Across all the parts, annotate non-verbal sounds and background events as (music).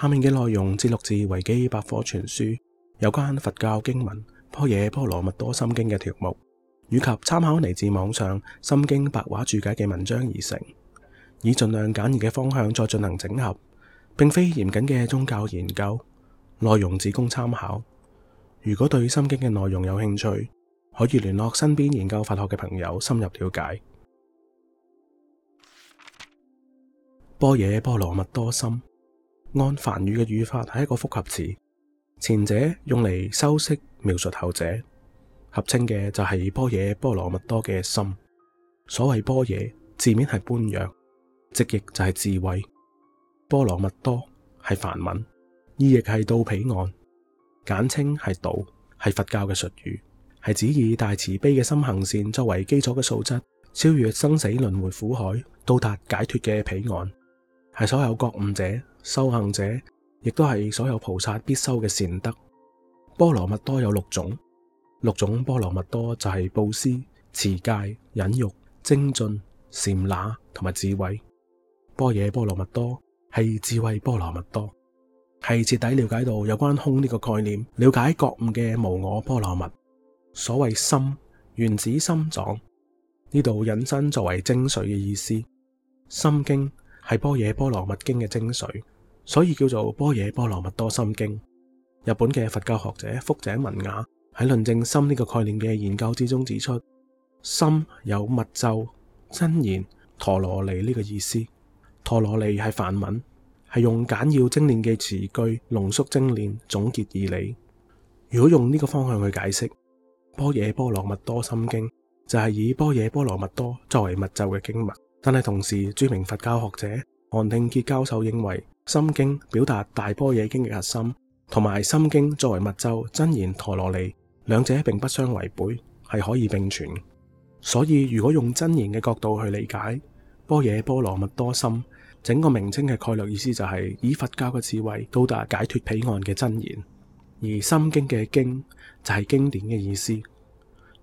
下面嘅內容節錄自維基百科全書有關佛教經文《般若波羅蜜多心經》嘅條目，以及參考嚟自網上《心經》白話注解嘅文章而成，以盡量簡易嘅方向再進行整合，並非嚴謹嘅宗教研究，內容只供參考。如果對《心經》嘅內容有興趣，可以聯絡身邊研究佛學嘅朋友深入了解。般若波羅蜜多心。按梵語嘅語法係一個複合詞，前者用嚟修飾描述後者，合稱嘅就係般若波羅蜜多嘅心。所謂般若，字面係般若，直譯就係智慧；波羅蜜多係梵文，意譯係到彼岸，簡稱係度，係佛教嘅術語，係指以大慈悲嘅心行善作為基礎嘅素質，超越生死輪迴苦海，到達解脫嘅彼岸。係所有覺悟者、修行者，亦都係所有菩薩必修嘅善德。波羅蜜多有六種，六種波羅蜜多就係佈施、持戒、忍辱、精進、禪那同埋智慧。般若波羅蜜多係智慧波羅蜜多，係徹底了解到有關空呢個概念，了解覺悟嘅無我波羅蜜。所謂心，原指心臟，呢度引申作為精髓嘅意思。心經係般若波羅蜜經嘅精髓，所以叫做般若波羅蜜多心經。日本嘅佛教學者福井文雅喺論證心呢個概念嘅研究之中指出，心有密咒真言陀羅尼呢個意思。陀羅尼係梵文，係用簡要精煉嘅詞句濃縮精煉總結義理。如果用呢個方向去解釋般若波羅蜜多心經，就係以般若波羅蜜多作為密咒嘅經文。但係同時，著名佛教學者韓廷傑教授認為，《心經》表達大般若經嘅核心，同埋《心經》作為密咒真言陀羅尼，兩者並不相違背，係可以並存。所以如果用真言嘅角度去理解，《般若波羅蜜多心》，整個名稱嘅概略意思就係以佛教嘅智慧到達解脫彼岸嘅真言。而《心經》嘅經就係經典嘅意思，《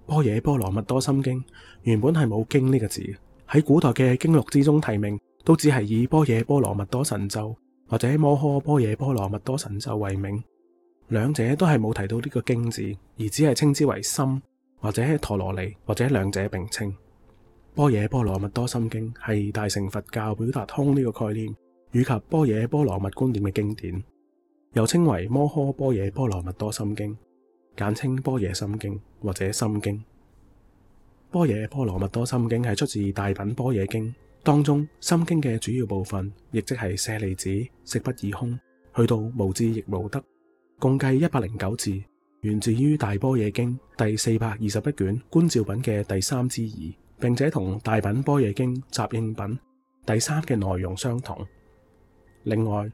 般若波羅蜜多心經》原本係冇經呢個字。喺古代嘅經錄之中提名，都只係以般若波羅蜜多神咒，或者摩訶般若波羅蜜多神咒為名，兩者都係冇提到呢個經字，而只係稱之為心或者陀羅尼或者兩者並稱。般若波羅蜜多心經係大乘佛教表達空呢個概念以及般若波羅蜜觀點嘅經典，又稱為摩訶般若波羅蜜多心經，簡稱般若心經或者心經。波耶波羅蜜多心經係出自大品般若經當中心經嘅主要部分，亦即係舍利子食不異空，去到無智亦無得，共計一百零九字，源自於大般若經第四百二十一卷觀照品嘅第三之二，並且同大品般若經集應品第三嘅內容相同。另外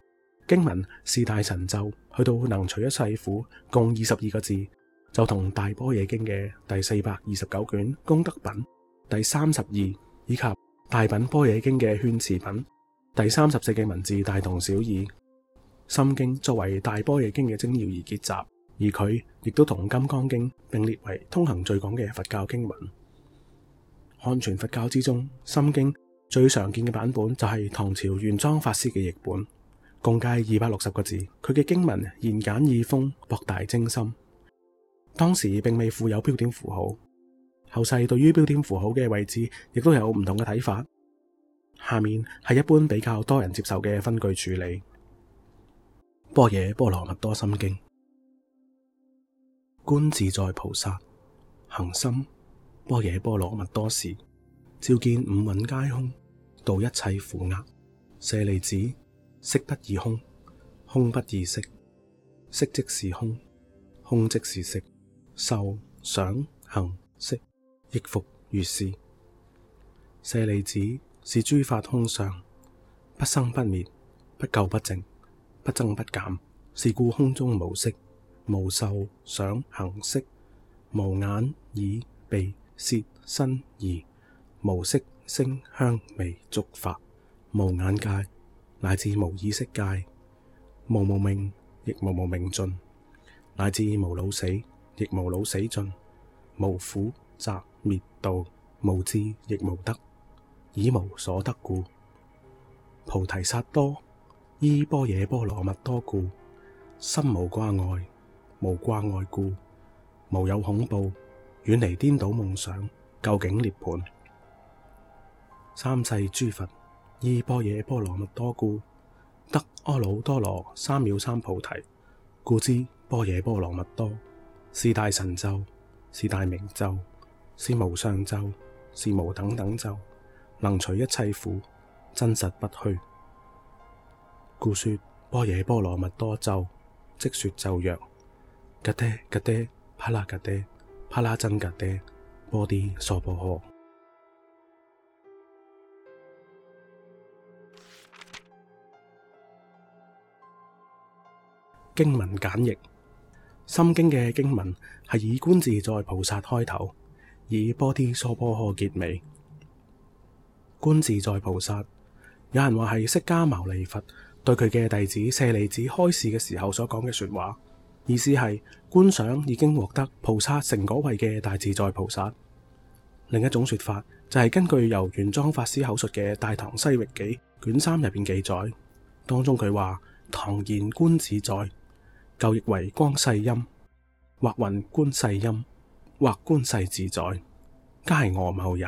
經文是大神咒，去到能除一切苦，共二十二個字。就同《大般若經》嘅第四百二十九卷《功德品》第三十二，以及《大品般若經》嘅《勸持品》第三十四嘅文字大同小異。《心經》作為《大般若經》嘅精要而結集，而佢亦都同《金剛經》並列為通行最廣嘅佛教經文。漢傳佛教之中，《心經》最常見嘅版本就係唐朝玄奘法師嘅譯本，共計二百六十個字。佢嘅經文言簡意豐，博大精深。當時並未附有標點符號，後世對於標點符號嘅位置亦都有唔同嘅睇法。下面係一般比較多人接受嘅分句處理：《般若波羅蜜多心經》，觀自在菩薩行深。般若波羅蜜多時，照見五蘊皆空，度一切苦厄。舍利子，色不異空，空不異色，色即是空，空即是色。受想行識亦復如是。舍利子，是諸法空相，不生不滅，不垢不淨，不增不減。是故空中無色，無受想行識，無眼耳鼻舌身意，無色聲香味觸法，無眼界，乃至無意識界，無無明，亦無無明盡，乃至無老死。亦無老死盡，無苦集滅道，無智亦無得，以無所得故，菩提薩多依般若波羅蜜多故，心無掛礙，無掛礙故，無有恐怖，遠離顛倒夢想，究竟涅槃。三世諸佛依般若波羅蜜多故，得阿耨多羅三藐三菩提。故知般若波羅蜜多。是大神咒，是大明咒，是無上咒，是無等等咒，能除一切苦，真實不虛。故說般若波羅蜜多咒，即說咒曰：揭諦揭諦，波羅揭諦，波羅僧揭諦，菩提薩婆訶。 (noise) 經文簡譯。《心經》嘅經文係以觀自在菩薩開頭，以波啲娑婆呵結尾。觀自在菩薩，有人話係釋迦牟尼佛對佢嘅弟子舍利子開示嘅時候所講嘅説話，意思係觀想已經獲得菩薩成果位嘅大自在菩薩。另一種説法就係根據由玄奘法師口述嘅《大唐西域記》卷三入邊記載，當中佢話唐言觀自在。舊譯為光世音，或云觀世音，或觀世自在，皆係訛謬也。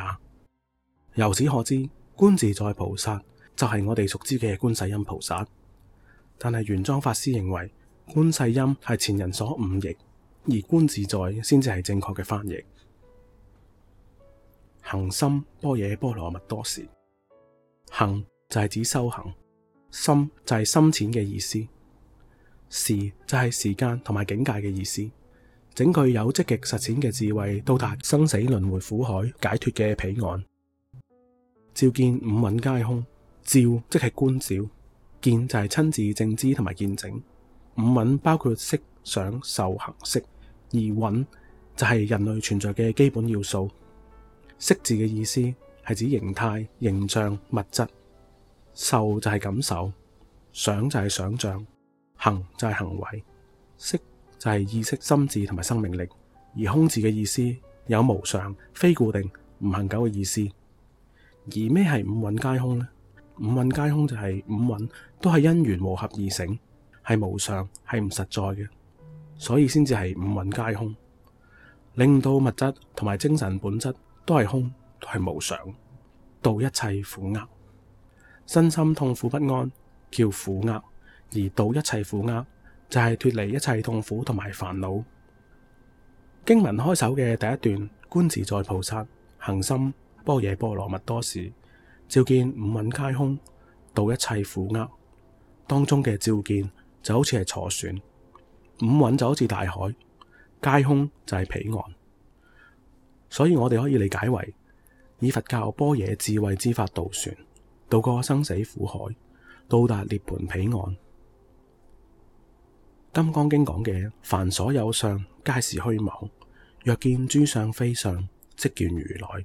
由此可知，觀自在菩薩就係我哋熟知嘅觀世音菩薩。但係玄奘法師認為，觀世音係前人所誤譯，而觀自在先至係正確嘅翻譯。行深般若波羅蜜多時，行就係指修行，就深就係深淺嘅意思。時就係時間同埋境界嘅意思，整句有積極實踐嘅智慧，到達生死輪迴苦海解脫嘅彼岸。照見五蘊皆空，照即係觀照，見就係親自正知同埋見證。五蘊包括色、想、受、行、識，而蘊就係人類存在嘅基本要素。色字嘅意思係指形態、形象、物質，受就係感受，想就係想象。行就係行為，識就係意識、心智同埋生命力，而空字嘅意思有無常、非固定、唔恆久嘅意思。而咩係五蘊皆空呢？五蘊皆空就係五蘊都係因緣和合而成，係無常，係唔實在嘅，所以先至係五蘊皆空，令到物質同埋精神本質都係空，都係無常。度一切苦厄，身心痛苦不安叫苦厄。而度一切苦厄，就係脱離一切痛苦同埋煩惱。經文開首嘅第一段，觀自在菩薩行深般若波羅蜜多時，照見五蘊皆空，度一切苦厄。當中嘅照見就好似係坐船，五蘊就好似大海，皆空就係彼岸。所以我哋可以理解為，以佛教般若智慧之法渡船，渡過生死苦海，到達涅槃彼岸。金剛經講嘅凡所有相，皆是虛妄。若見諸相非相，即見如來。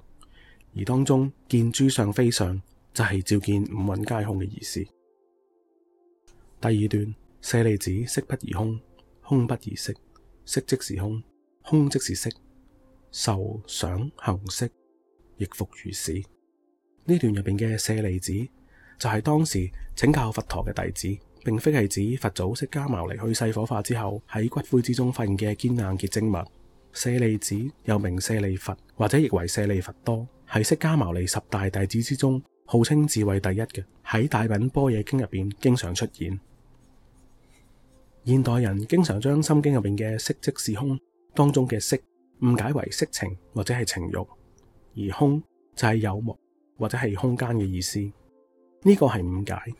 而當中見諸相非相，就係照見五蘊皆空嘅意思。第二段，舍利子，色不異空，空不異色，色即是空，空即是色，受想行識，亦復如是。呢段入邊嘅舍利子，就係當時請教佛陀嘅弟子。並非係指佛祖釋迦牟尼去世火化之後喺骨灰之中發現嘅堅硬結晶物。舍利子又名舍利佛或者譯為舍利佛多，係釋迦牟尼十大弟子之中號稱智慧第一嘅，喺《大品般若經》入邊經常出現。現代人經常將《心經》入邊嘅色即是空當中嘅色誤解為色情或者係情慾，而空就係、是、有冇或者係空間嘅意思。呢個係誤解。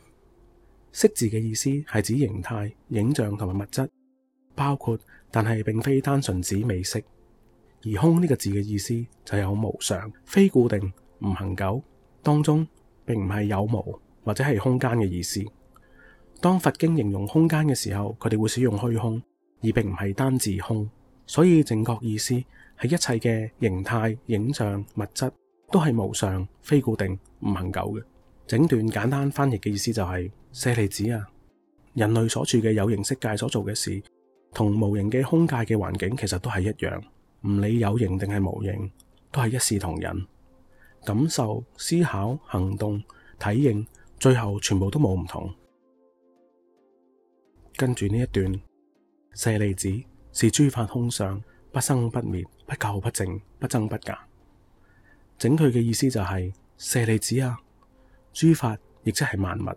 色字嘅意思係指形態、影像同埋物質，包括但係並非單純指美色。而空呢個字嘅意思就係有無常、非固定、唔恆久。當中並唔係有無或者係空間嘅意思。當佛經形容空間嘅時候，佢哋會使用虛空，而並唔係單字空。所以正確意思係一切嘅形態、影像、物質都係無常、非固定、唔恆久嘅。整段簡單翻譯嘅意思就係、是。舍利子啊！人類所處嘅有形色界所做嘅事，同無形嘅空界嘅環境其實都係一樣，唔理有形定係無形，都係一視同仁。感受、思考、行動、體認，最後全部都冇唔同。跟住呢一段，舍利子是諸法空相，不生不滅，不垢不淨，不增不減。整佢嘅意思就係、是、舍利子啊，諸法亦即係萬物。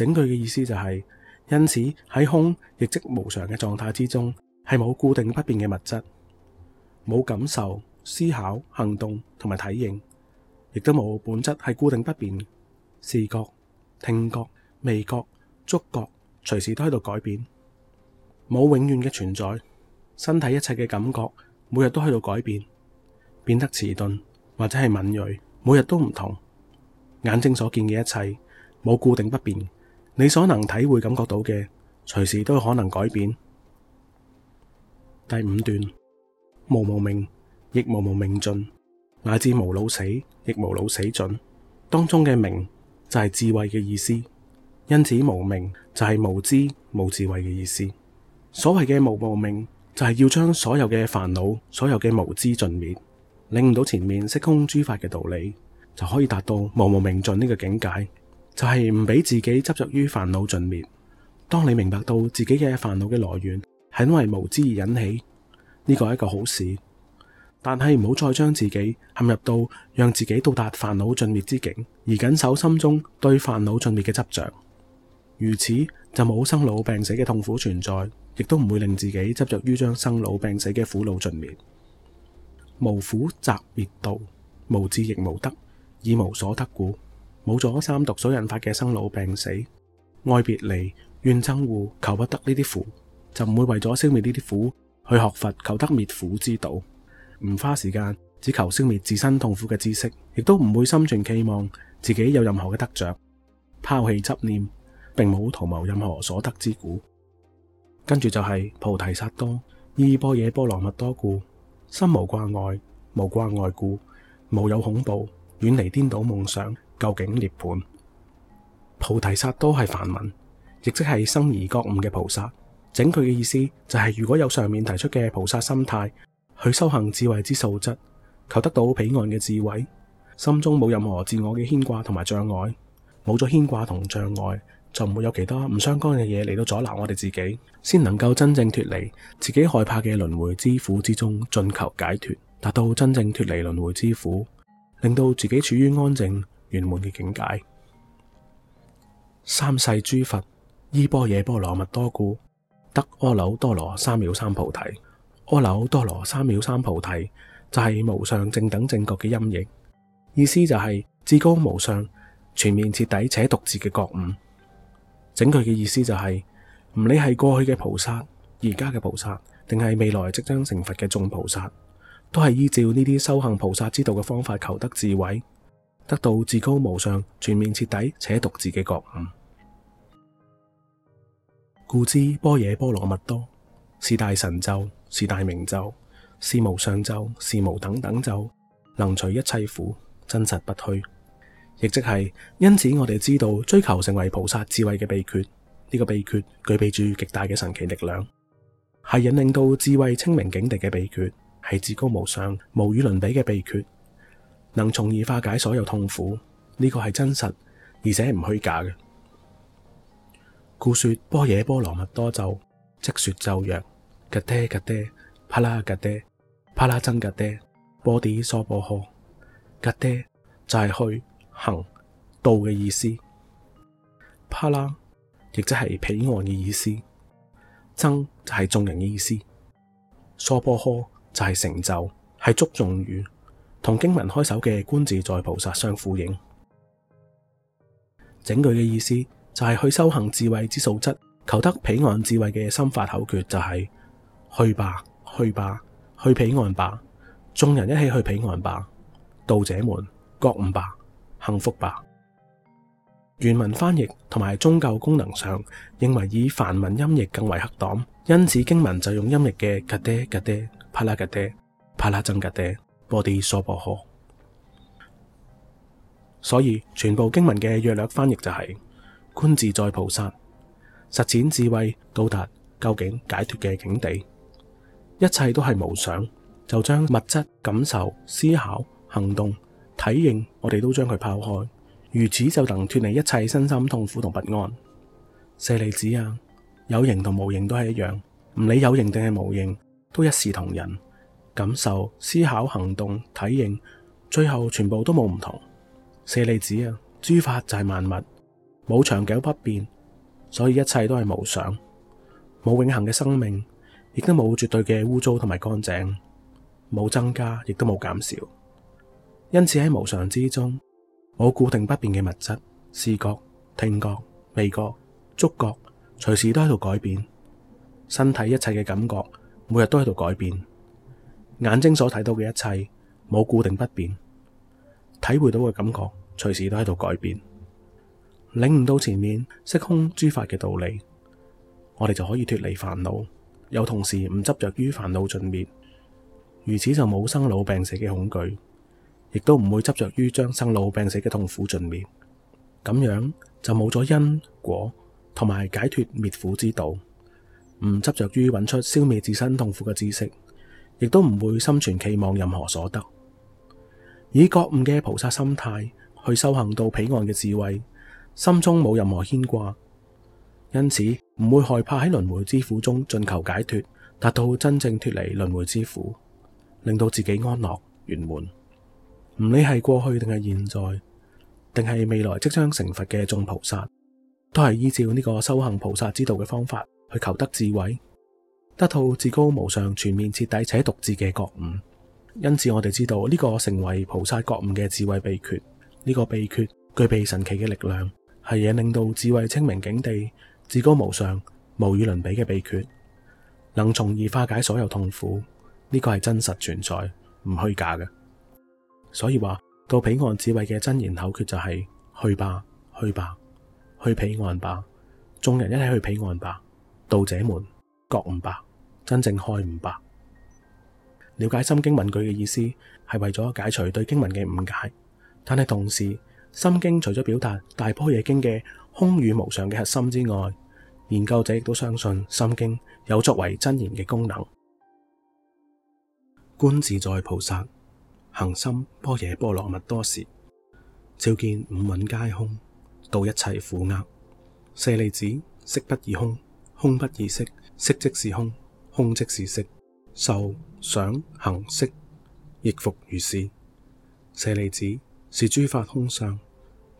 整句嘅意思就係，因此喺空亦即無常嘅狀態之中，係冇固定不變嘅物質，冇感受、思考、行動同埋體認，亦都冇本質係固定不變嘅。視覺、聽覺、味覺、觸覺隨時都喺度改變，冇永遠嘅存在。身體一切嘅感覺，每日都喺度改變，變得遲鈍或者係敏銳，每日都唔同。眼睛所見嘅一切冇固定不變。你所能體會感覺到嘅，隨時都可能改變。第五段，無無明亦無無明盡，乃至無老死亦無老死盡。當中嘅明就係智慧嘅意思，因此無明就係無知、無智慧嘅意思。所謂嘅無無明，就係要將所有嘅煩惱、所有嘅無知盡滅。領悟到前面色空諸法嘅道理，就可以達到無無明盡呢個境界。就係唔俾自己執着於煩惱盡滅。當你明白到自己嘅煩惱嘅來源係因為無知而引起，呢個係一個好事。但係唔好再將自己陷入到讓自己到達煩惱盡滅之境，而緊守心中對煩惱盡滅嘅執着。如此就冇生老病死嘅痛苦存在，亦都唔會令自己執着於將生老病死嘅苦惱盡滅。無苦集滅道，無智亦無得，以無所得故。冇咗三毒所引發嘅生老病死、愛別離、怨憎護、求不得呢啲苦，就唔會為咗消滅呢啲苦去學佛，求得滅苦之道。唔花時間，只求消滅自身痛苦嘅知識，亦都唔會心存期望自己有任何嘅得着，拋棄執念，並冇圖謀任何所得之故。跟住就係菩提薩埵依般若波羅蜜多故，心無掛礙，無掛礙故，無有恐怖，遠離顛倒夢想。究竟涅盤菩提薩都係梵文，亦即係生而覺悟嘅菩薩。整佢嘅意思就係、是，如果有上面提出嘅菩薩心態去修行智慧之素質，求得到彼岸嘅智慧，心中冇任何自我嘅牽掛同埋障礙，冇咗牽掛同障礙，就唔會有其他唔相關嘅嘢嚟到阻攔我哋自己，先能夠真正脫離自己害怕嘅輪迴之苦之中，盡求解脫，達到真正脫離輪迴之苦，令到自己處於安靜圓滿嘅境界，三世諸佛依般若波羅蜜多故，得阿耨多羅三藐三菩提。阿耨多羅三藐三菩提就係、是、無上正等正覺嘅音譯，意思就係、是、至高無上、全面徹底且獨自嘅覺悟。整句嘅意思就係、是，唔理係過去嘅菩薩、而家嘅菩薩，定係未來即將成佛嘅眾菩薩，都係依照呢啲修行菩薩之道嘅方法求得智慧。得到至高無上、全面徹底且獨自嘅覺悟，故知般若波羅蜜多是大神咒，是大明咒，是無上咒，是無等等咒，能除一切苦，真實不虛。亦即係，因此我哋知道，追求成為菩薩智慧嘅秘訣，呢、這個秘訣具備住極大嘅神奇力量，係引領到智慧清明境地嘅秘訣，係至高無上、無與倫比嘅秘訣。能從而化解所有痛苦，呢個係真實，而且唔虛假嘅。故説般若波羅蜜多咒，即説咒曰，嘅爹，嘅爹，啪啦嘅爹，啪啦僧嘅爹，波啲娑波呵。嘅爹就係去行道嘅意思，啪啦，亦即係彼岸嘅意思，僧就係眾人嘅意思，娑波呵就係成就係祝頌語同經文開首嘅觀自在菩薩相呼應，整句嘅意思就係去修行智慧之素質，求得彼岸智慧嘅心法口訣就係去吧，去吧，去彼岸吧。眾人一起去彼岸吧，道者們覺悟吧，幸福吧。原文翻譯同埋宗教功能上認為以梵文音譯更為恰當，因此經文就用音譯嘅噶爹噶爹，啪啦噶爹，啪啦真噶爹。菩提薩婆訶。所以，全部經文嘅約略翻譯就係、是：觀自在菩薩，實踐智慧，到達究竟解脫嘅境地。一切都係無想，就將物質、感受、思考、行動、體驗，我哋都將佢拋開。如此就能脫離一切身心痛苦同不安。舍利子啊，有形同無形都係一樣，唔理有形定係無形，都一視同仁。感受、思考、行動、體認，最後全部都冇唔同。舍利子啊，諸法就係萬物冇長久不變，所以一切都係無常，冇永恆嘅生命，亦都冇絕對嘅污糟同埋乾淨，冇增加，亦都冇減少。因此喺無常之中，冇固定不變嘅物質、視覺、聽覺、味覺、觸覺，隨時都喺度改變。身體一切嘅感覺，每日都喺度改變。眼睛所睇到嘅一切冇固定不變，體會到嘅感覺隨時都喺度改變。領悟到前面色空諸法嘅道理，我哋就可以脫離煩惱。又同時唔執着於煩惱盡滅，如此就冇生老病死嘅恐懼，亦都唔會執着於將生老病死嘅痛苦盡滅。咁樣就冇咗因果同埋解脫滅苦之道，唔執着於揾出消滅自身痛苦嘅知識。亦都唔會心存期望任何所得，以覺悟嘅菩薩心態去修行到彼岸嘅智慧，心中冇任何牽掛，因此唔會害怕喺輪迴之苦中進求解脫，達到真正脫離輪迴之苦，令到自己安樂圓滿。唔理係過去定係現在，定係未來即將成佛嘅眾菩薩，都係依照呢個修行菩薩之道嘅方法去求得智慧。得到至高無上、全面徹底且獨自嘅覺悟，因此我哋知道呢個成為菩薩覺悟嘅智慧秘訣。呢個秘訣具備神奇嘅力量，係嘢令到智慧清明境地、至高無上、無與倫比嘅秘訣，能從而化解所有痛苦。呢個係真實存在，唔虛假嘅。所以話到彼岸智慧嘅真言口訣就係去吧，去吧，去彼岸吧，眾人一齊去彼岸吧，道者們覺悟吧。真正明白了解《心經》文句嘅意思，係為咗解除對經文嘅誤解。但係同時，《心經》除咗表達《大般若經》嘅空與無常嘅核心之外，研究者亦都相信《心經》有作為真言嘅功能。觀自在菩薩行深般若波羅蜜多時，照見五蘊皆空，度一切苦厄。舍利子，色不異空，空不異色，色即是空。空即是色，受想行識亦復如是。舍利子，是諸法空相，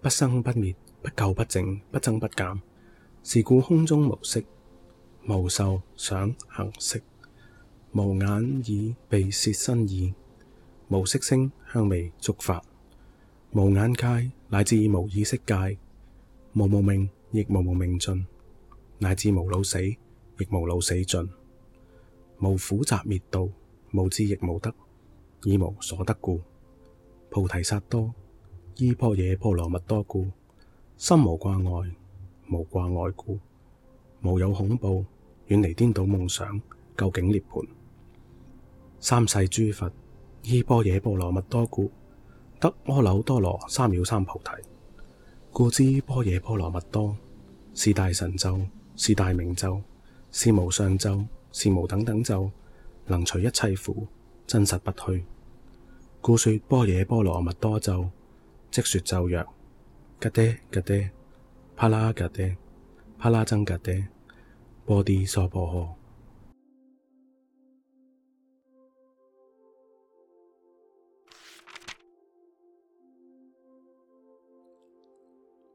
不生不滅，不垢不淨，不增不減。是故空中無色，無受想行識，無眼耳鼻舌身意，無色聲香味觸法，無眼界，乃至無意識界，無無明，亦無無明盡，乃至無老死，亦無老死盡。無苦集滅道，無智亦無得，以無所得故，菩提薩埵依般若波羅蜜多故，心無掛礙，無掛礙故，無有恐怖，遠離顛倒夢想，究竟涅槃。三世諸佛依般若波羅蜜多故，得阿耨多羅三藐三菩提。故知般若波羅蜜多是大神咒，是大明咒，是無上咒。是無等等咒，能除一切苦，真實不虛。故說般若、波羅蜜多咒，即說咒曰：格爹、格爹、啪啦、格爹、啪啦、僧格爹、波啲、娑婆訶。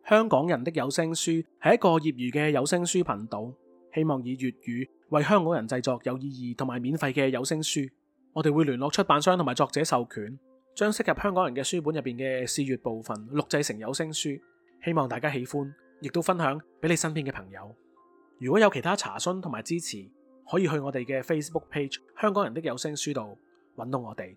香港人的有聲書係一個業餘嘅有聲書頻道。希望以粵語為香港人製作有意義同埋免費嘅有聲書。我哋會聯絡出版商同埋作者授權，將適合香港人嘅書本入邊嘅試閱部分錄製成有聲書。希望大家喜歡，亦都分享俾你身邊嘅朋友。如果有其他查詢同埋支持，可以去我哋嘅 Facebook Page《香港人的有聲書》度揾到我哋。